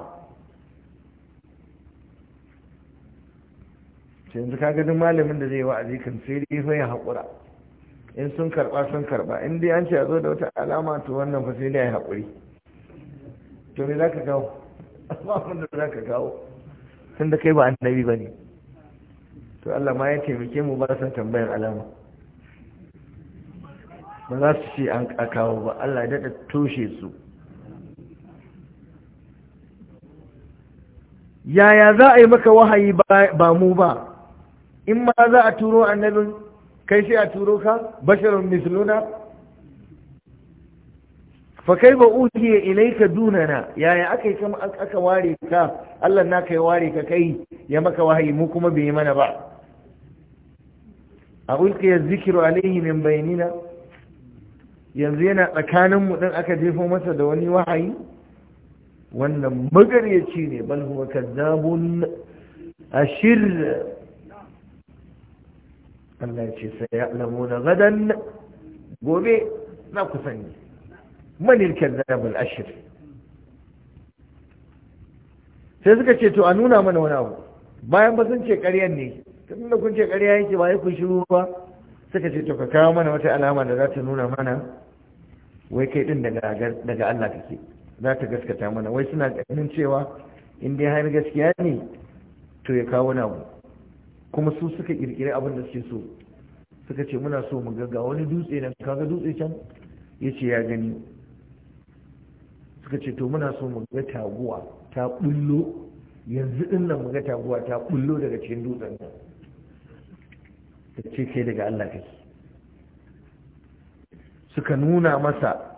Speaker 1: yanzu ka ganin malamin da zai wa'azi kan sai dai fa ya haƙura in sun karɓa sun karɓa in dai an ce a zo da wata alama to wannan fa sai dai ya haƙuri to me za ka kawo ba da za ka kawo da kai ba annabi ba ne. to Allah ma ya taimake mu ba sa tambayar alama ba za su ce an kakawo ba Allah ya da toshe su yaya za a yi maka wahayi ba mu ba in ma za a turo annabin kai sai a turo ka basharun misluna fa kai ba uhiye ilaika dunana yaya aka yi kama aka ware ka Allah na kai ware ka kai ya maka wahayi mu kuma bai mana ba a ulqiya zikru alaihi min bainina yanzu yana tsakanin mu din aka jefo masa da wani wahayi wannan magaryaci ne bal huwa kadzabun ashir Allah ya ce sai ya lamuna gadan gobe na ku sani man al-kadhab al-ashr sai suka ce to a nuna mana wani abu bayan ba sun ce ƙaryan ne tun da kun ce ƙarya yake ba ya kun shiru ba suka ce to ka kawo mana wata alama da za ta nuna mana wai kai din daga Allah kake za ta gaskata mana wai suna ganin cewa in dai har gaskiya ne to ya kawo wani abu kuma su suka kirkiri abin da suke so suka ce muna so mu ga wani dutse nan kaga dutse can ya ce ya gani suka ce to muna so mu ga taguwa ta bullo yanzu din nan mu ga taguwa ta bullo daga cikin dutsen nan ta ce kai daga Allah kake suka nuna masa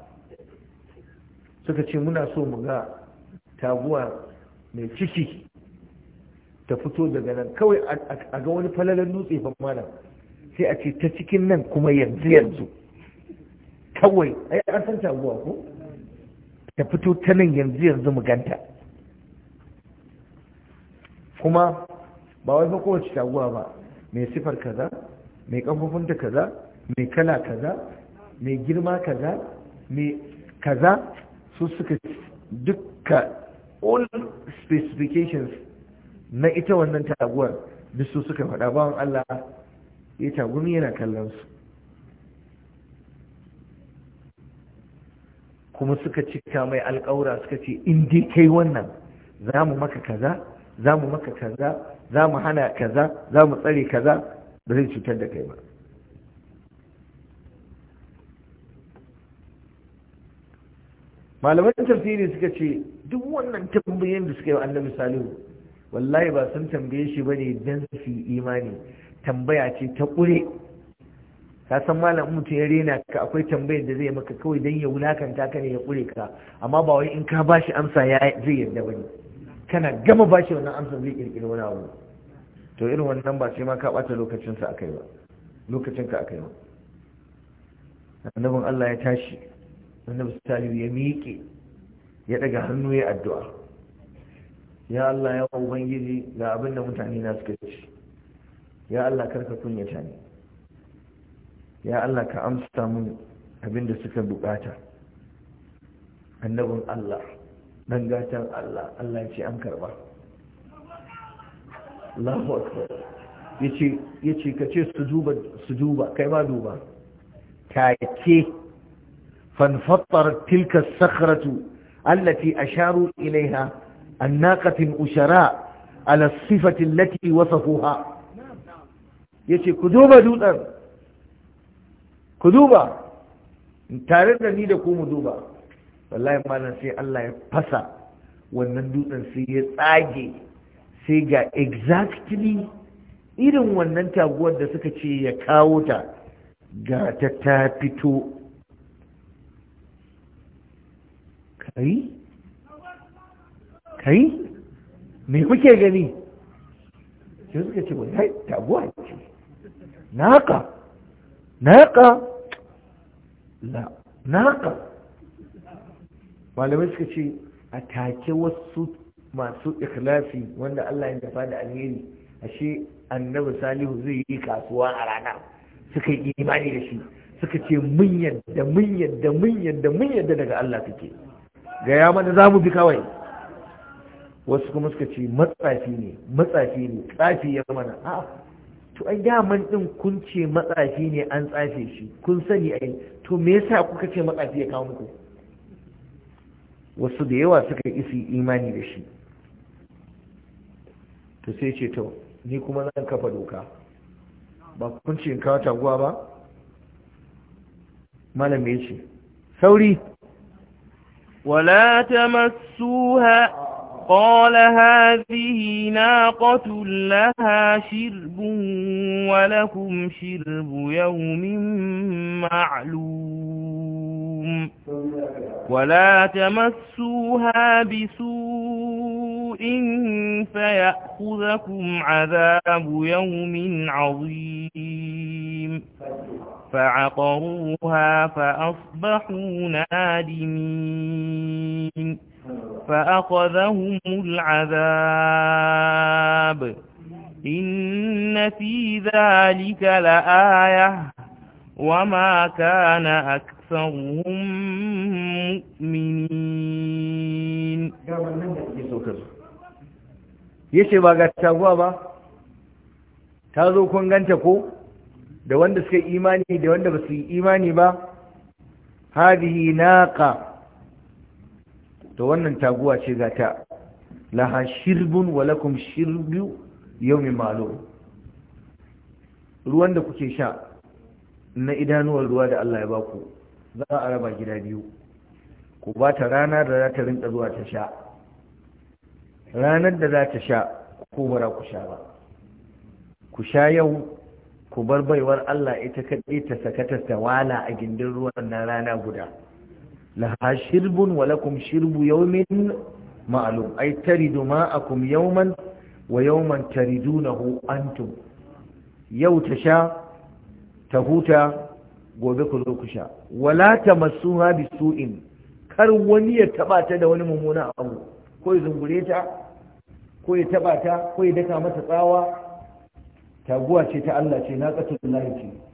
Speaker 1: suka ce muna so mu ga taguwa mai ciki ta fito daga nan kawai a ga wani falalan dutse fa malam sai a ce ta cikin nan kuma yanzu yanzu kawai ai an san taguwa ko ta fito ta nan yanzu yanzu mu ganta kuma ba wai kowace taguwa ba mai sifar kaza mai kafofinta kaza mai kala kaza mai girma kaza mai kaza su suka dukka all specifications na ita wannan taguwar duk su suka faɗa bawan Allah ya tagumi yana kallon su kuma suka cika mai alƙawura suka ce in dai kai wannan za mu maka kaza za mu maka kaza za mu hana kaza za mu tsare kaza ba zai cutar da kai ba malaman tafsiri suka ce duk wannan tambayoyin da suka yi annabi salihu wallahi ba sun tambaye shi ne dan su imani tambaya ce ta ƙure ka san malam mutum ya rena ka akwai tambayar da zai maka kawai dan ya wulakanta ka ne ya kure ka amma ba wai in ka bashi amsa ya zai yarda bane kana gama bashi wannan amsa zai kirkiri wani abu to irin wannan ba sai ma ka bata lokacin sa akai ba lokacin ka akai ba annabin Allah ya tashi annabi salihu ya miƙe ya daga hannu ya addu'a ya Allah ya ubangiji ga abin da mutane na suka ci ya Allah karka kunyata ni ya Allah ka amsa mun abinda suka bukata annabin Allah dan gatan Allah Allah ya ce an karba Allahu akbar yace yace kace su duba su duba kai ma duba take fanfattarat tilka as-sakhratu allati asharu ilayha annaqatin ushara ala as-sifati allati wasafuha yace ku duba dutsen ku duba tare da ni da ku mu duba wallahi malam sai Allah ya fasa wannan dutsen sai ya tsage sai ga exactly irin wannan taguwar da suka ce ya kawo ta ga ta ta fito kai kai me kuke gani sai suka ce wai taguwa ce naka naka la naka malamai suka ce a take wasu masu ikhlasi wanda Allah ya dafa da alheri ashe annabi salihu zai yi kasuwa a rana suka yi imani da shi suka ce mun yadda mun yadda mun yadda mun yadda daga Allah take ga ya mana za bi kawai wasu kuma suka ce matsafi ne matsafi ne tsafi ya mana a'a to ai daman din kun ce matsafi ne an tsafe shi kun sani ai to me yasa kuka ce matsafi ya kawo muku wasu da yawa suka isi imani da shi to sai ce to ni kuma zan kafa doka ba kun ce in kawo taguwa ba
Speaker 2: malam ya ce sauri wala tamassuha قال هذه ناقة لها شرب ولكم شرب يوم معلوم ولا تمسوها بسوء فيأخذكم عذاب يوم عظيم فعقروها فأصبحوا نادمين فأخذهم العذاب إن في ذلك لآية وما كان أكثرهم مؤمنين
Speaker 1: yace ba ga taguwa ba ta zo kun ganta ko da wanda suka imani da wanda ba su imani ba hadihi naqa to wannan taguwa ce ga ta laha shirbun walakum shirbu yawmin ma'lum ruwan da kuke sha na idanuwar ruwa da Allah ya baku za a raba gida biyu ku ba ta rana da za ta rinka zuwa ta sha ranar da za ta sha ko bara ku sha ba ku sha yau ku bar baiwar Allah ita kaɗe ta sakatar ta wala a gindin ruwan na rana guda laha shirbun wa lakum shirbu yawmin ma'lum ay taridu ma'akum yawman wa yawman taridunahu antum yau ta sha ta huta gobe ku zo ku sha wala tamassuha bisu'in kar wani ya taba ta da wani mummuna abu ko ya zungure ta ko ya taba ta ko ya daka mata tsawa taguwa ce ta Allah ce na qatullahi ce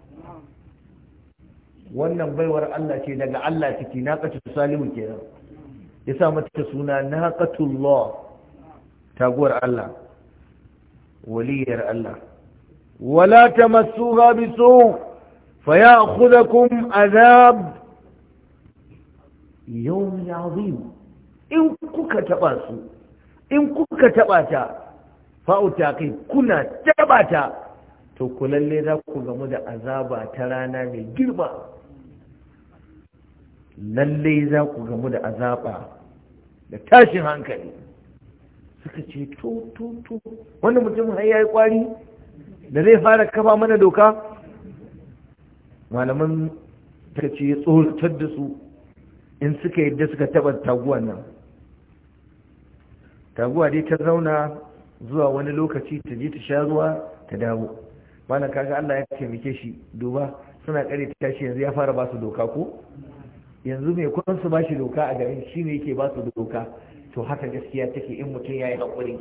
Speaker 1: wannan baiwar Allah ce daga Allah take naqatu salihu kenan yasa mata suna naqatullah taguwar Allah waliyar Allah wala tamassuha bisu fayakhudhukum azab yawm azim in kuka taba su in kuka taba ta fa'uta kai kuna taba ta to kullalle za ku gamu da azaba ta rana mai girma Lallai za ku gamu da azaba da tashin hankali suka ce to to to wani mutum har yayi kwari da zai fara kafa mana doka malaman ta ce ya tsoratar da su in suka yadda suka taba taguwan nan taguwa dai ta zauna zuwa wani lokaci ta je ta sha ruwa ta dawo malam kaga Allah ya taimake shi duba suna kare tashi yanzu ya fara ba su doka ko yanzu mai kwan su ba shi doka a garin shi ne yake ba su doka to haka gaskiya take in mutum ya yi haƙuri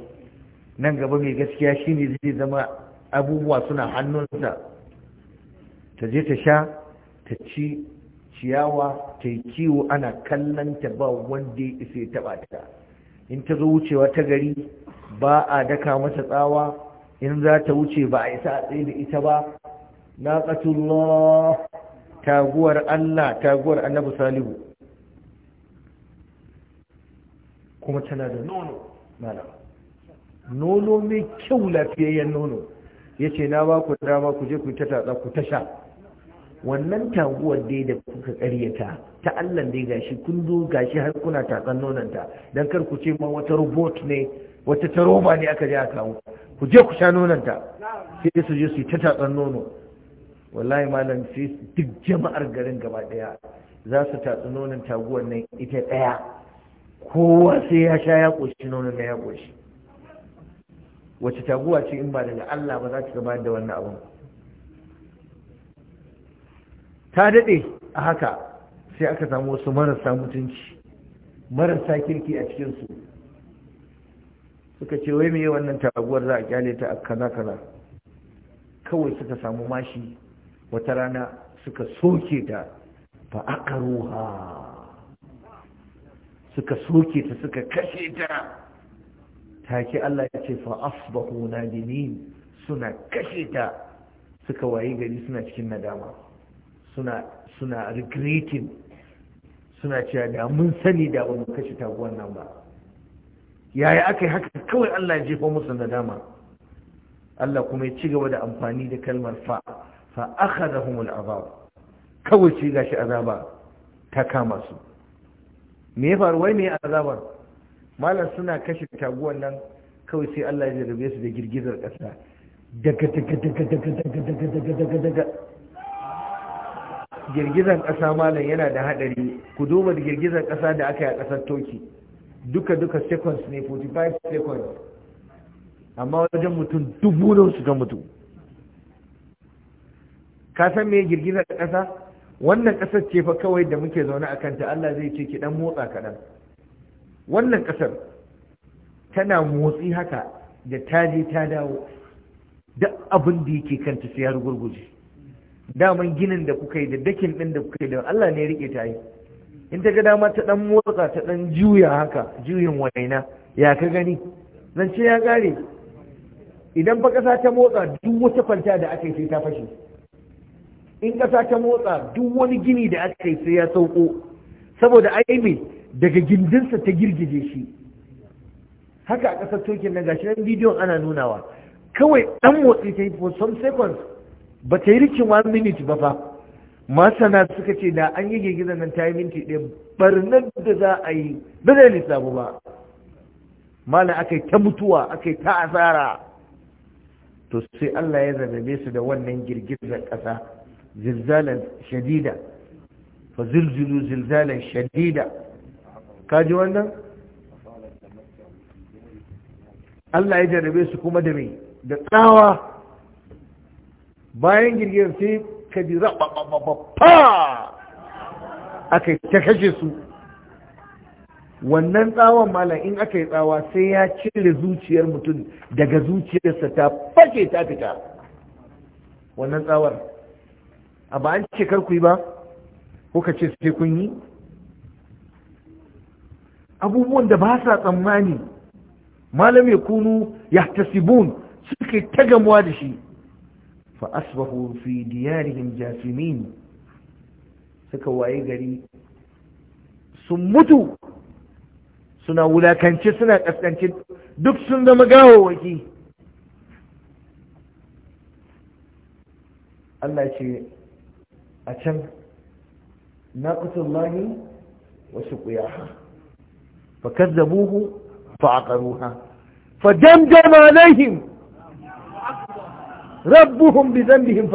Speaker 1: nan gaba mai gaskiya shi ne zai zama abubuwa suna hannunsa ta je ta sha ta ci ciyawa ta yi kiwo ana kallon ta ba wanda ya isa ya taɓa ta in ta zo wucewa ta gari ba a daka masa tsawa in za ta wuce ba a isa a tsaye da ita ba na ƙatullah taguwar Allah taguwar annabi salihu kuma tana da nono malama nono mai kyau lafiyayyen nono ya ce na ba ku dama ku je ku ta tatsa ku ta sha wannan taguwar dai da kuka karyata ta Allah dai gashi kun zo gashi har kuna tatsan nononta don kar ku ce ma wata robot ne wata ta roba ne aka je a kawo ku je ku sha nononta sai su je su yi ta tatsan nono wallahi malam sai duk jama'ar garin gaba daya za su tatsi nonon taguwar nan ita daya kowa sai ya sha ya koshi nonon na ya koshi wace taguwa ce in ba daga Allah ba za ta gabatar da wannan abin ta daɗe a haka sai aka samu wasu marasa mutunci marasa kirki a cikinsu suka ce wai me wannan taguwar za a kyale ta a kaza kaza kawai suka samu mashi wata rana suka soke ta fa'akaruha suka soke ta suka kashe ta take Allah ya ce asbahu nadimin suna kashe ta suka waye gari suna cikin nadama suna suna regretting suna cewa da mun sani da wani kashe ta wannan ba yaya aka yi haka kawai Allah ya jefa musu nadama Allah kuma ya ci gaba da amfani da kalmar fa fa akhadhahum al'azab kawai shi gashi azaba ta kama su me ya faru wai me azabar malam suna kashe taguwan nan kawai sai Allah ya rabe su da girgizar kasa daga daga daga daga daga daga daga daga daga girgizar kasa malam yana da hadari ku duba da girgizar kasa da aka yi a kasar toki duka duka seconds ne 45 seconds amma wajen mutum dubu da su ga mutum ka san me girgizar ƙasa wannan ƙasar ce fa kawai da muke zaune a kanta Allah zai ce ki dan motsa kaɗan wannan ƙasar tana motsi haka da ta je ta dawo duk abin da yake kanta sai ya rugurguje daman ginin da kuka yi da dakin ɗin da kuka yi da Allah ne ya rike ta yi in ta ga dama ta dan motsa ta dan juya haka juyin waina ya ka gani zan ce ya gare idan fa ƙasa ta motsa duk wata kwanta da aka yi sai ta fashe in ƙasa ta motsa duk wani gini da aka yi sai ya sauko saboda aibe daga gindinsa ta girgije shi haka a ƙasar tokin na gashi nan bidiyon ana nunawa kawai ɗan motsi ta yi for some seconds ba ta yi rikin one minute ba fa masana suka ce da an yi girgizar nan ta yi minti ɗaya barnar da za a yi ba zai lissabu ba Malam aka yi ta mutuwa aka yi ta asara to sai Allah ya zarrabe su da wannan girgizar ƙasa zilzalan shadida fa zilzilu zilzalan shadida wannan Allah ya jarrabe su kuma da mai da tsawa bayan girgiyar sai ka ji fa aka ta kashe su wannan tsawon malam in aka yi tsawa sai ya cire zuciyar mutum daga zuciyarsa ta fake ta fita wannan tsawar a ba an ce kar ku yi ba kuka ce sai kun yi abubuwan da ba sa tsammani malam ya kunu ya tasibun suke ta gamuwa da shi fa asbahu fi diyarihim jasimin suka waye gari sun mutu suna wulakance suna kaskance duk sun zama gawawaki Allah ce a can na fa wa suqiyaha fakazzabuhu fa'aqaruha فدمدم bi ربهم بذنبهم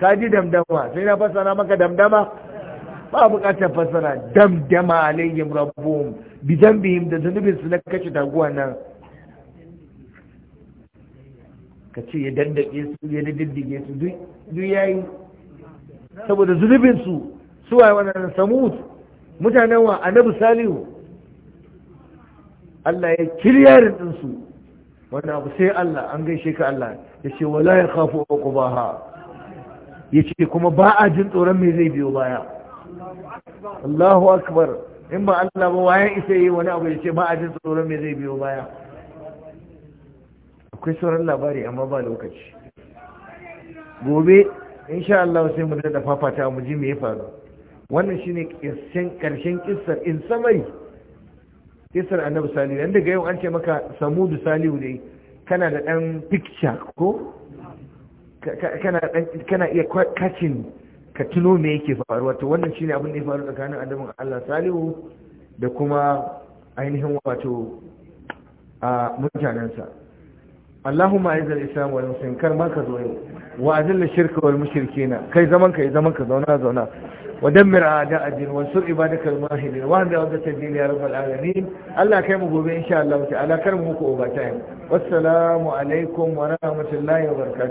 Speaker 1: Ka kaji damdama sai na fasara maka damdama ba bukatar fasara, damdama alayhim rabbuhum bi dhanbihim da zunubinsu su na kashe taguwa nan ka ce ya dandake su ya diddige su duk yi. saboda zunubinsu su wani wannan samu, mutanen wa annabi salihu Allah ya kiryarin din ɗinsu. wannan abu sai Allah an gaishe ka Allah ya ce wala ya khafu uqbaha ya ce kuma ba a jin tsoron me zai biyo baya Allahu akbar in ba Allah ba wayan isa yi wani abu ya ce ba a jin tsoron me zai biyo baya akwai sauran labari amma ba lokaci gobe insha Allah sai mu da fafata mu ji me ya faru wannan shine kissan karshen kissar in samari kissar annabi salihu dan ga yau an ce maka samudu salihu ne kana da dan picture ko kana dan kana iya kacin ka tuno me yake faruwa to wannan shine abin da ya faru tsakanin annabin Allah salihu da kuma ainihin wato a mutanensa اللهم اعز الاسلام والمسلمين كان ما كزوين واذل الشرك والمشركين كي زمن كي زمن كزونا زونا ودمر اعداء الدين وانصر عبادك الماهرين واهدى عودة الدين يا رب
Speaker 2: العالمين الله كيم بوبي ان شاء الله تعالى كرمه كوبا والسلام عليكم ورحمة الله وبركاته